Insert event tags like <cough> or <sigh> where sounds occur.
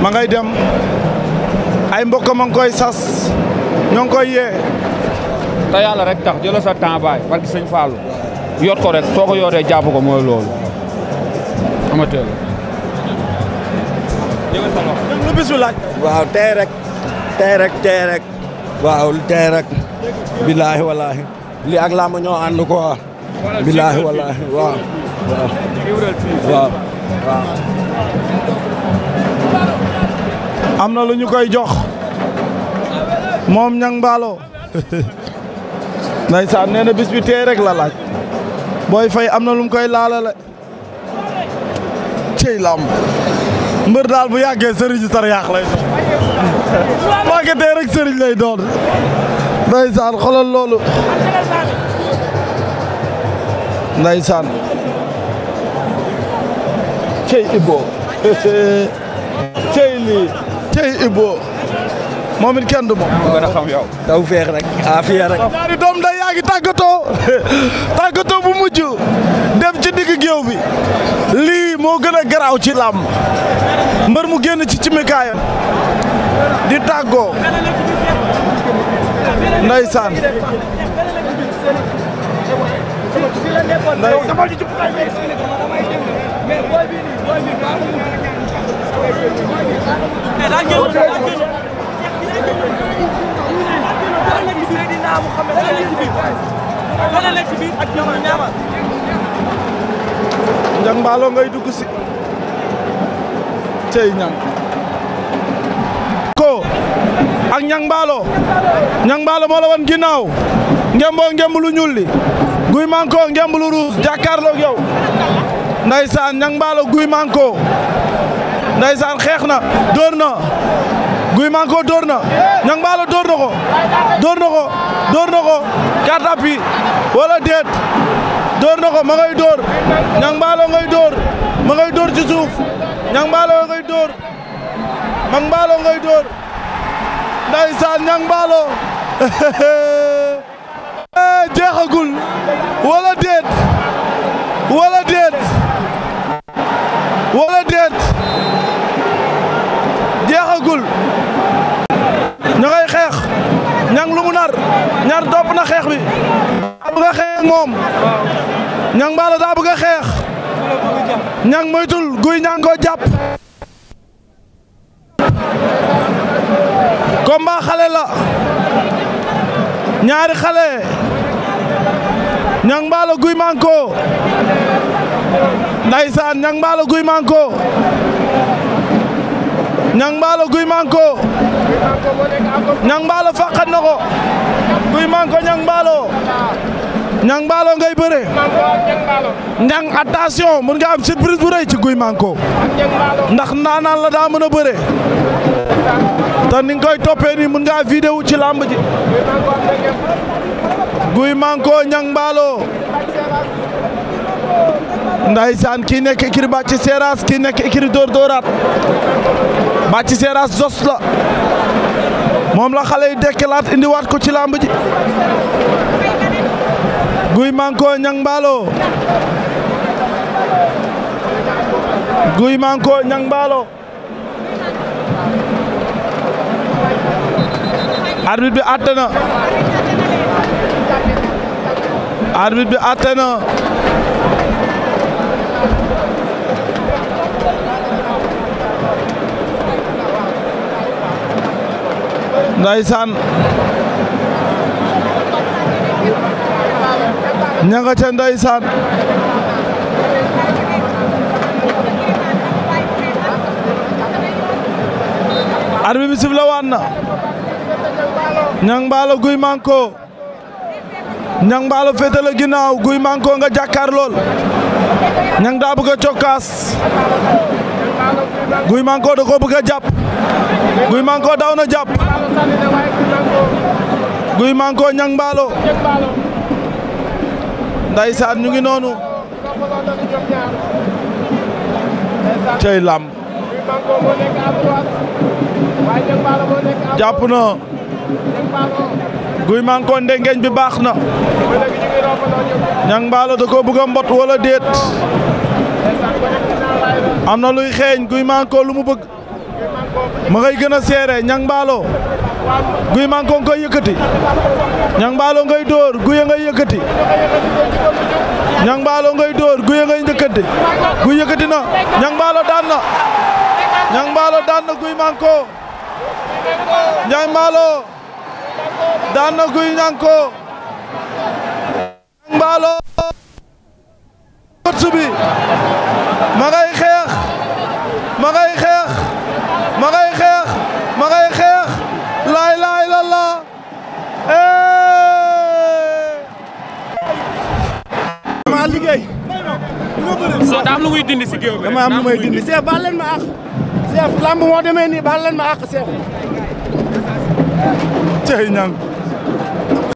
ma ngay dem ay mbokk ma sas ñoo ngi koy yee. te yàlla rek tax jëla sa temps baay barki sëñ Fallou yot ko rek soo ko yootee jàpp ko mooy loolu amateur la bis bi laaj waaw tey rek tey rek tey rek waaw tey rek bilaahi li ak laa ñoo ànd ko waaw bilaahi walaahi waaw am na lu ñu koy jox moom ñang mbaalo <laughs> ndeysaan nee na bis bi tey rek la laaj booy fay am na lu mu koy laalale cey lamb mbër daal bu yàggee sëriñ tar yaax lay doon waage <laughs> tey rek sëriñ lay doon ndeysaan xolal loolu ndeysaan cey iboo <laughs> cey lii tey Ibou moom it kenn du moom. mu feex rek aafiya ah, rek. doom nday yaa ngi tàggatoo <laughs> tàggatoo bu mujj dem ci digg géew bi lii moo gën a garaaw ci làmb mbër mu génn ci cimikaayam di tàggoo ndeysaan ndeysaan njang mbaalo ngay dugg si cey ñang ko ak ñang mbaalo ñang mbaalo moo la woon ginnaaw ngemboo ngemb lu ñuul li guy manko ngemb lu ruus jàkkaarloog yow ndeysaan ñang mbaalo guy manko ndeysaan xeex na dóor na Guy Manko dóor na Niang Ballo na ko dóor na ko dóor na ko quatre appuis wala déet dóor na ko ma ngay dóor Niang Ballo ngay dóor ma ngay dóor ci suuf Niang Ballo ngay dóor Niang Ballo ngay dóor ndeysaan Niang Ballo <laughs> jeexagul ñang lu mu nar ñaar topp na xeex bi daa bëgg a xeex moom ñang baala daa bëgg xeex ñang moytul guy ñang koo jàpp combat xale la ñaari xale ñang baala guy manko ndaysaan ñang baala guy manko ñang mbaalo guy manko ñang mbaalo fàqat na ko guy manko ñang mbaalo ñang mbaalo ngay bëre ñang attention mën nga am surprise bu rëy ci guy manko ndax naanaan la daa mën a bëre te ni nga koy toppee nii mën ngaa vidéo ci làmb ji guy manko ñang mbaalo ndaysaan kii nekk écurie Bathie Seras kii nekk écurie Dóor Dóoraat Bathie Seras Zoss la moom la xale yi dekkelaat indiwaat ko ci làmb ji guy manko ñang guy manko ñang mbaalo arbitre bi àtte na arbitre bi àtte na ndaysaan ña nga ca ndaysaan arbi bi sif la waan na ñang mbaalo guy manko ñang mbaalo féete la ginnaaw guy manko nga jàkkaar lool ñang daa bëgg a guy manko da ko bëgg a jàpp guy manko daw na jàpp guy manko ñang mbaalo ndaysaan ñu ngi noonu cey lamb jàpp na guy manko ndengeñ bi baax na ñang mbaalo da ko bëgg mbot wala déet am na luy xeeñ guy manko lu mu bëgg ma ngay gën a seere ñang mbaalo guy manko ngay yëkkati ñang mbaalo ngay dóor guy ngay yëkkati ñang mbaalo ngay dóor guy ngay njëkkati guy yëkkati na ñang mbaalo daan na ñang mbaalo daan na guy manko ñang mbaalo daan na guy ñanko mbaalo coach bi ma ngay xeex ma ngay xeex ma ngay xeex ma ngay la la dama lu muy dindi si géew lu may dindi ma àq seef lamb moo demee nii baal leen ma àq seef cey ñang